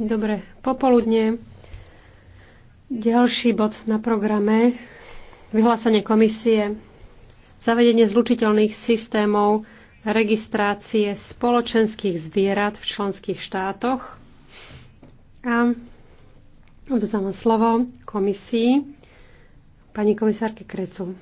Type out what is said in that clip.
Dobre, popoludne. Ďalší bod na programe. Vyhlásenie komisie. Zavedenie zlučiteľných systémov registrácie spoločenských zvierat v členských štátoch. A odozávam slovo komisii pani komisárke Krecu.